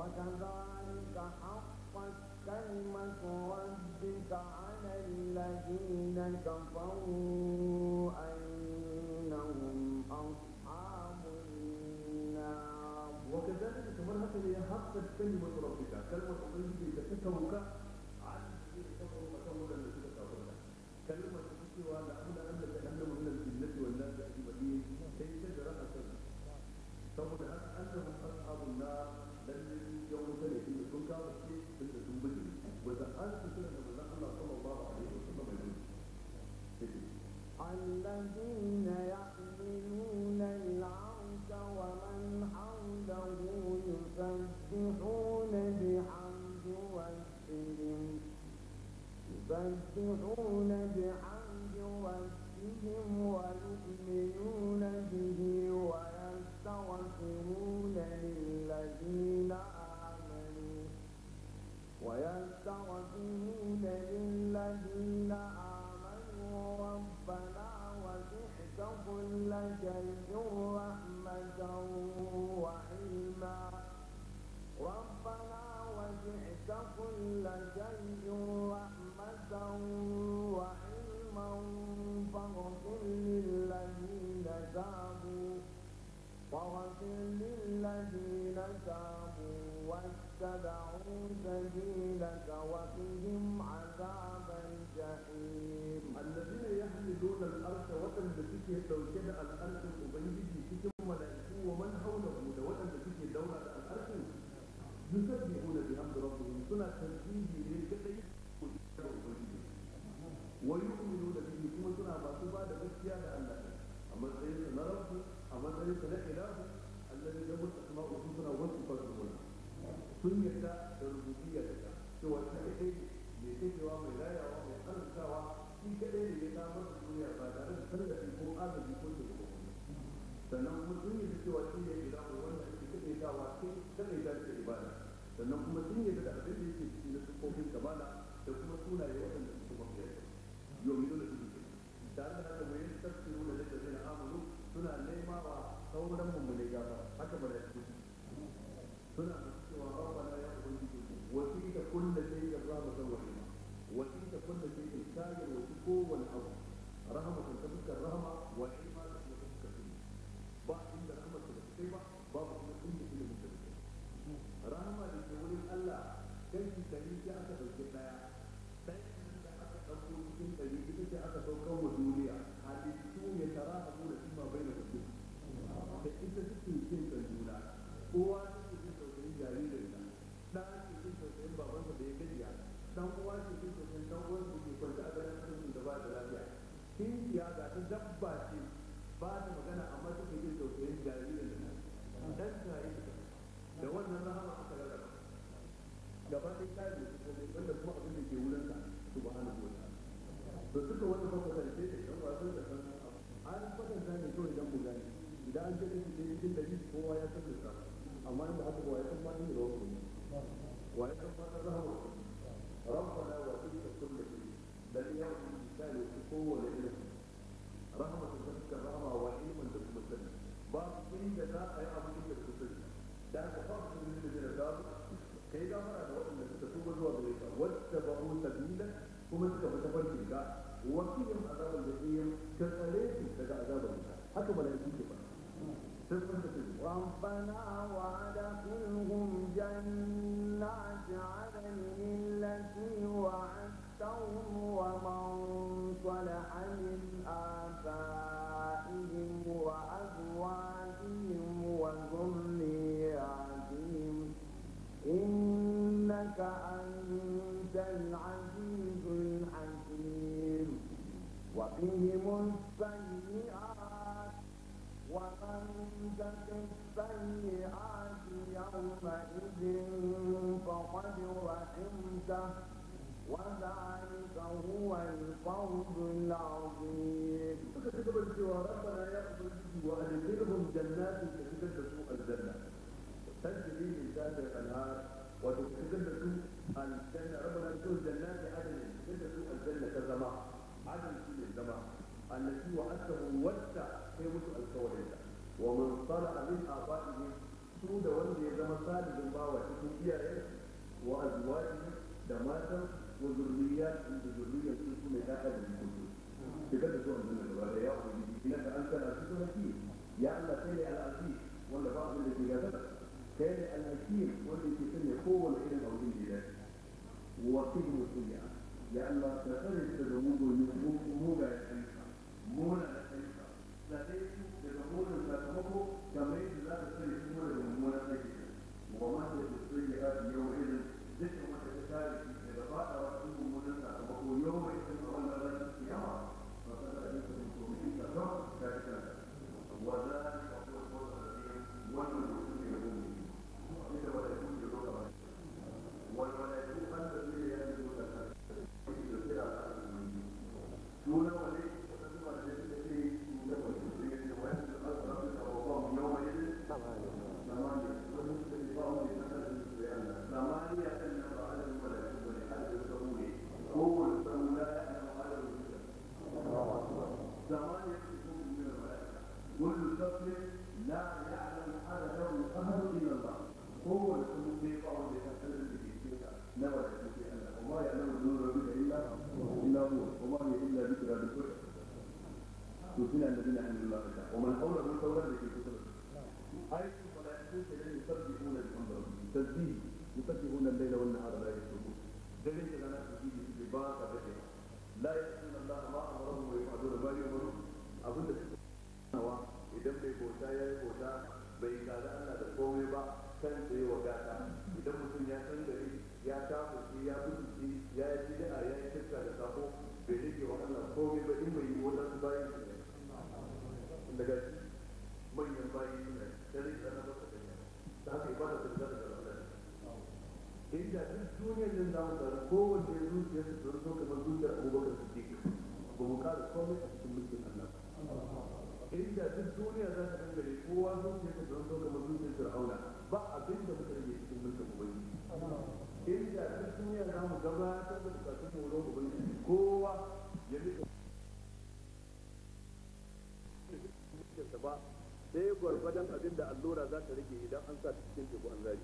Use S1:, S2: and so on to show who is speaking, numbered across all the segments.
S1: وكذلك حقت كلمة ربك على الذين كفروا أنهم أصحاب النار وكذلك كمان هكذا
S2: هي حقت كلمة ربك كلمة ربك إذا تتوك عن الذين كفروا فتوك الذين كفروا كلمة تسوى لأمن أن جهنم من الجنة والناس أجمعين كي تجرى أسرها فمن أنهم أصحاب النار لن ودخلت صلى الله عليه وسلم
S1: الذين يحملون العرش ومن حوله يسبحون بحمد وجههم يسبحون بحمد ربهم ويؤمنون به الذين ربنا وسعت كل شيء رحمة وعلما فاغفر للذين تابوا واتبعوا سبيلك عذاب الجحيم يحملون الأرض وطن بسيكي توجد
S2: الأرض وبنجي سيكم ملائكو ومن حوله وطن بسيكي دولة الأرض يسبحون بحمد ربهم سنة تنزيه لكي ويؤمنون به كما سنة باسوبة لبسيا لأن أما الزيس نرفه أما الزيس لإله الذي له الأسماء وحسنى وصفاته سنة الربوبية لك سوى الحقيقي mai kakewa mai layawa shi kadai ne ya samar da duniya ba tare da tallafi ko agaji ko ke ko sannan kuma sun yi cewa shi ne ilahu wanda ake kadai dawa sai kadai da ke ibada sannan kuma sun yi da abin da yake ciki na sufofin kamala da kuma sunaye waɗanda suka mafiya yomi dole su tare da haka mai tafsiru da yadda zai amuru suna nema wa sauran mummune gaba haka ba da suna gaba ɗaya kare da komai wanda kuma abin da ke wurin sa subhanahu wa ta'ala to duka wanda ba ku tarfe da dan wasan da san an kwatanta ne kawai dan buga ne idan an ce da shi cikin dari kowa ya san da amma in ba haka ba ya san ma ni rawu ne wa ya san ma na rawu ربنا وتلك كل شيء بل يوم الانسان قوه لإله رحمة تلك الرحمة وحيما تلك السنة بعض السنين جزاء أي أبو تلك السنة ده تفاصل من الذين كي لا مرة zuwa gare ka wata ba'u sabila kuma suka fi tafarkin ka wakilin azabar da iya ka tsare su daga azabar ka haka mala'iku ke ba
S1: ربنا وادخلهم جنات عدن التي وعدتهم ومن صلح من العزيز الحكيم وقهم السيئات ومن تك السيئات يومئذ فقد رحمته وذلك هو الفوز العظيم. ربنا يقبل وادخلهم جنات
S2: تجري من تحت الانهار وتدخلهم aljanna rabbana dukul jannati adn inda su aljanna ta zama adn shi ne zama allati wa'adahu wadda sai musu alkawarin ta wa man salaha min abaihi su da wanda ya zama salihin bawa cikin iyayen wa azwaji da matan wa zurriyatun da zurriyatun su ne ta'ala da mutum shiga da su aljanna gaba da ya ubangiji inaka an kana su hakim ya Allah sai ne al wanda ba abin da ke gaba Sai ne al-hakim wanda ke sanya kowane irin wakil mutuya ya Allah ta tsare ta da mugu ne mugu ga kanka muna tasbih yusabbihuna al na wan nahara la yasbihun da rana tasbih suke ba ta dade la yasbihuna Allah ma amaruhu wa yafaduna ma yumaru abin da suke idan bai bauta ya yi bauta bai gaza Allah da komai ba kan tsaye wa gata idan mutum ya san gari ya tafi ya kutuci ya yi bid'a ya yi shirka da sako bai rike wa Allah komai ba in bai yi wannan bayan daga manyan bayan suna da rike na ba ta haka ibada ta zama inda duk duniyar jin zamu tsara kowace zuciya su tsoro so kamar zuciyar abubakar ce ba mu kara komai a cikin mulkin allah inda duk duniya za ta dangare kowa zuciya ta tsoro so kamar zuciyar fir'auna ba abin da muka rage cikin mulkin ubangiji inda duk duniya za mu gabatar da bukatun tsoron ubangiji kowa ya rika ba sai gwargwadon abin da allura za ta rage idan an sa cikin teku an zari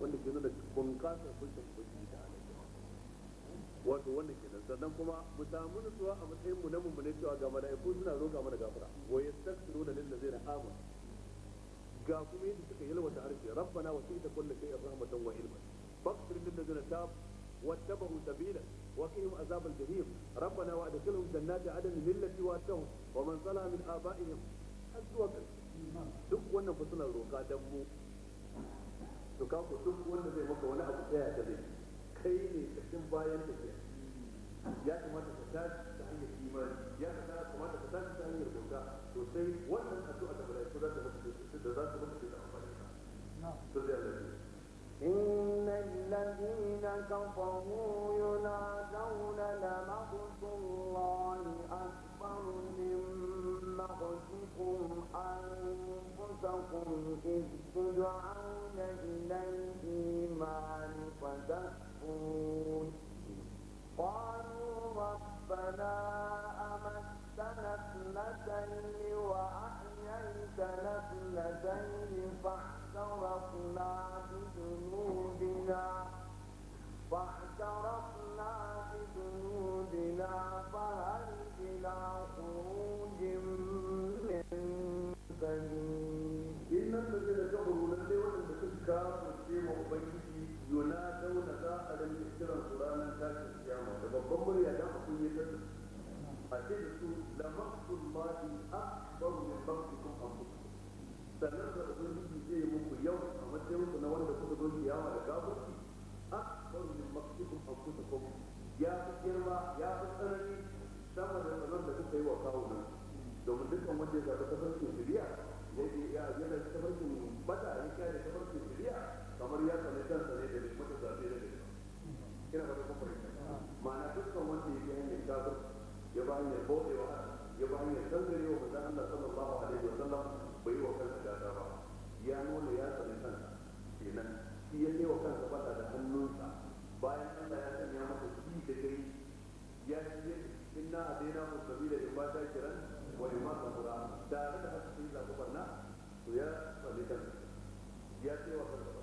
S2: wanda ke nuna bunƙasar hujjar ubangiji ta alaƙa wato wannan ke nan sannan kuma mu samu nutsuwa a matsayin mu na mu mummune cewa ga mala'iku suna roƙa mana gafara wa yastaghfiru lil ladzina amanu ga kuma yadda suka yalwata harshe rabbana wa sita kullu shay'in rahmatan wa ilman faghfir lil ladzina tabu واتبعوا سبيلك وقهم عذاب الجحيم ربنا وادخلهم جنات عدن التي وعدتهم wa صلح من ابائهم har zuwa duk wannan suna roƙa dan mu to ka ku duk wanda zai maka wani abu daya da zai kai ne kashin bayan da ke ya kamata ka tashi ta hanyar imani ya kamata ka tashi ta hanyar bauta to sai wannan addu'a da malaiku za ta maka da za ta maka da amfani ka to sai
S1: Allah إن الذين كفروا ينادون لمقت الله أكبر من مقتكم أنفسكم إذ تدعون ربنا أمتنا اثنتين وأحييتنا اثنتين kafin
S2: ce ma ubangiji yuna dauna za a rinke kiran su ranar tashin kiyama da babban murya dan a kunye ta a ce da su la maqtul mali akbar min maqtikum anfusakum sannan da ubangiji zai muku yau a matsayin na wanda kuka zo kiyama da kafirci akbar min maqtikum anfusakum ya fi girma ya fi tsanani sama da tsanan da kuka yi wa kawo nan domin dukkan wanda ya zaɓi kasar shiriya ya yana tafarkin bata ya kiyaye da tafarkin shari'a kamar ya kalli kansa ne da bai mata zaɓe da bai kina ba ta kofar ma'ana dukkan wanda ya bi hanyar kafir ya ba hanyar bauɗewa ya ba hanyar sangarewa manzon Allah sallallahu alaihi wa sallam bai yi wa kansa gata ba ya nuna ya tsare kansa kenan shi ya yi wa kansa bata da hannunsa bayan Allah ya sanya masa shi da gari ya ce inna adaina musabila in ba ta kiran wa imma kabura da abin da haka yi zaɓi barna to ya faɗi kan ya ce wa kan gaba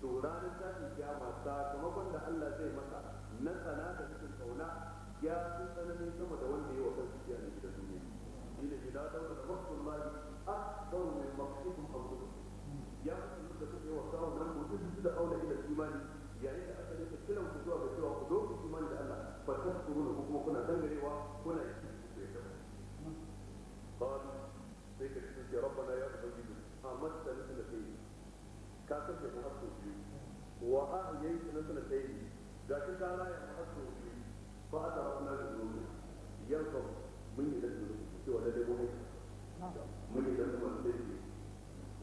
S2: to ranar tashin kiyama sakamakon da Allah zai masa na tsana da cikin kauna ya fi tsanani sama da wanda ya wa kan cikiya na gidan duniya shi ne ila daura da maktun mali akbar min ya da kuke wa kawo nan da aula ila yayin da aka rika kiran ku zuwa cewa ku zo ku imani da Allah ba taskuruna ko kuma kuna dangarewa kuna ka kashe ta har sau biyu wa a yayi ta na sana tsaye da shi ta raya ta har biyu fa a ta rauna da zuwa yan kan mun yi da zuwa cewa da dai mun mun yi da zuwa da tsaye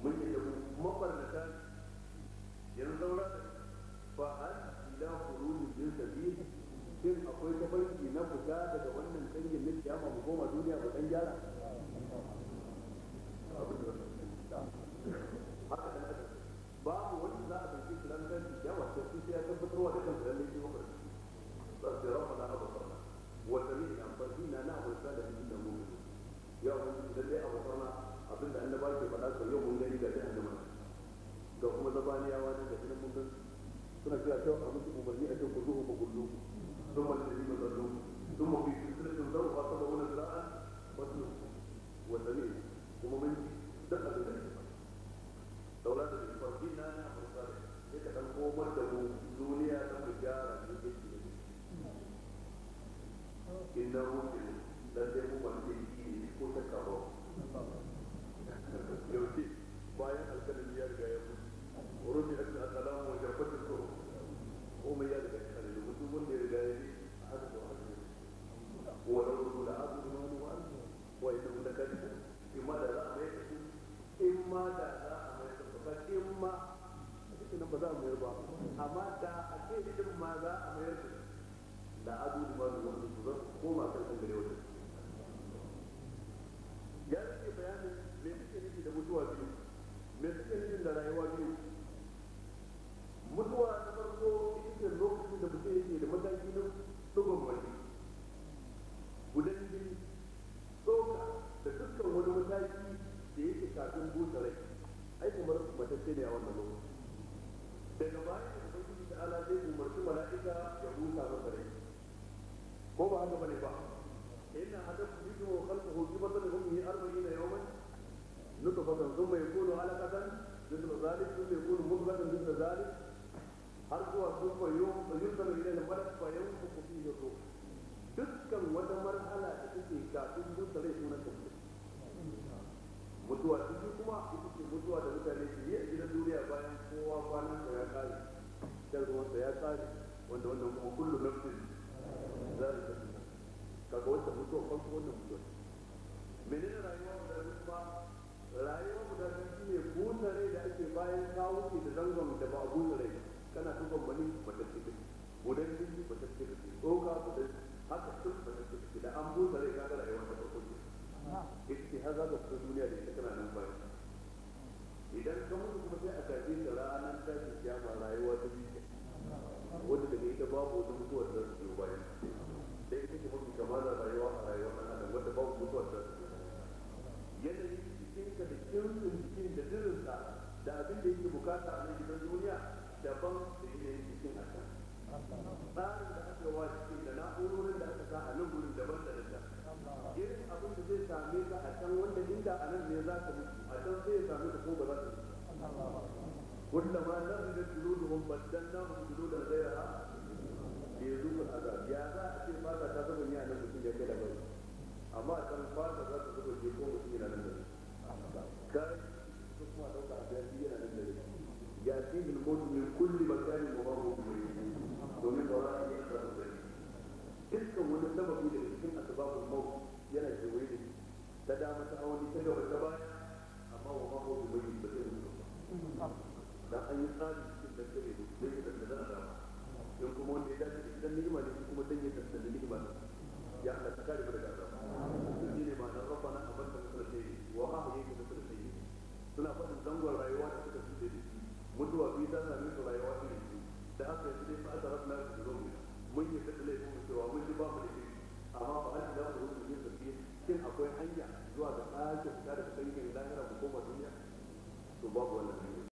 S2: mun yi da mabarnata yanzu zaura da fa an ila hululin bin shin akwai tafarki na buga daga wannan canjin na kiyama mu koma duniya ba dan gyara abin da lalle abokana abinda annaba ke faɗa ko yau mun gani ga jahannama ga kuma zabaniyawa ne ga jinin mun gani suna kira ta a musu umarni a cikin kuzuhu ko gullu sun wani da zima zallo sun mafi silsilatin zaro ba saba wani zira'a wasu wanda ne kuma mun duk abin da ke faɗa daula da ke faɗi na na amurka sai ka ɗan komar da mu duniya ta mu gyara ne ke ke inna ruhin lalle mu wanda yi ko ta karo follow. ذلك har zuwa sun fa yunzalu ilayhi yau ko kufi da ruh dukkan wata marhala da take kafin dukkan rai sunan ta mutuwa cikin kuma ita ce mutuwa da mutane su yi a gidan duniya bayan kowa kwanan da ya kare dan ruwansa ya kare wanda wanda kuma kullu nafsin zalika kaga wata mutuwa farko wannan mutuwa menene rayuwa da kuma rayuwar mu da shi ne busa rai da ake bayan ka wuce da zangon da ba a busa rai kana tuban mani ba ta ce kake ba ta ce haka sun ba ta ce kake da an busa rai kaga rayuwar ta farko ne yake har za ku duniya da ita kana nan bayan idan ka mutu kuma sai a kaje da ranar tashin kiyama rayuwa ta ke, wanda daga ita babu wata mutuwar da su bayan